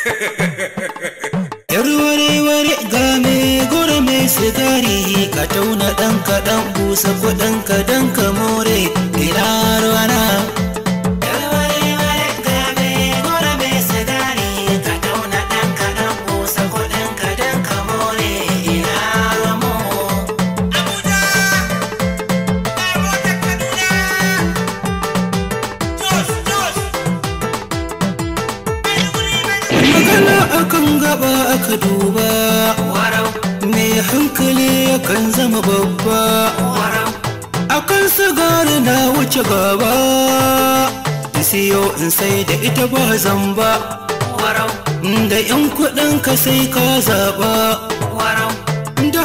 Yar ware-ware game gura mai sigari ka tauna ɗan kaɗan busa kuɗin ka dan ka more rana akan gaba aka duba Me hankali yakan zama babba akan sigari na wuce gaba siyo in sai da ita ba zan ba da yan kudin ka sai ka zaɓa. da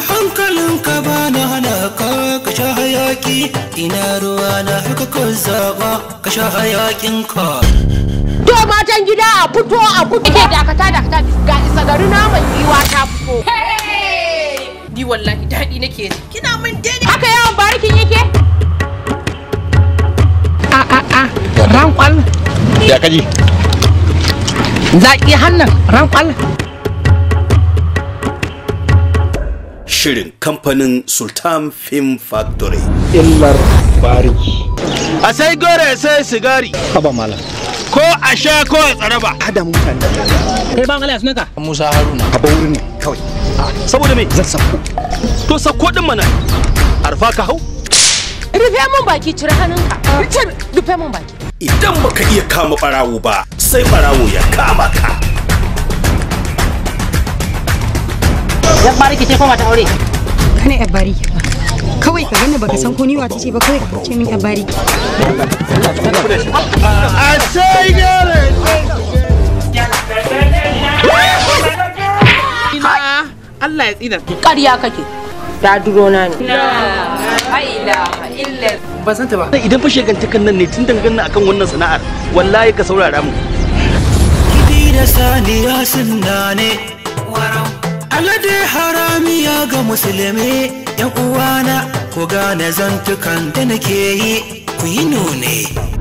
ka ba na hana yaki ina ruwa na haka kun zaba ka sha hayakin ka to matan gida a fito a fito ke dakata dakata ga isa gari na mai yiwa ta fito ni wallahi dadi nake kina mun daidai haka yawan barikin yake a a a ran rankwal ya kaji ki hannan ran kwal shirin kamfanin sultan film factory illar bari a sai gore sai sigari haba malam ko a sha ko a tsara ba hada mutane kai ban Allah sunanka Musa Haruna a bauri ne kawai saboda me zan sako to sako din mana arfa ka hau rufe mun baki cire hannunka ah. rufe mun baki idan baka iya kama barawo ba sai barawo ya kama ka yan bariki ce ko mata aure kana yan bariki kawai ka gani baka san ko ni wace ce ba kawai ka ce min yan bariki a sai gare Allah ya tsina ƙarya kake ta duro na ne ba san ta ba idan fa shegantakan nan ne tun dangane akan wannan sana'ar wallahi ka saurara mu kidi da sani ya sunna ne alade haramiya ga musulmi yan uwana ku gane zantukan da nake yi ku yi nune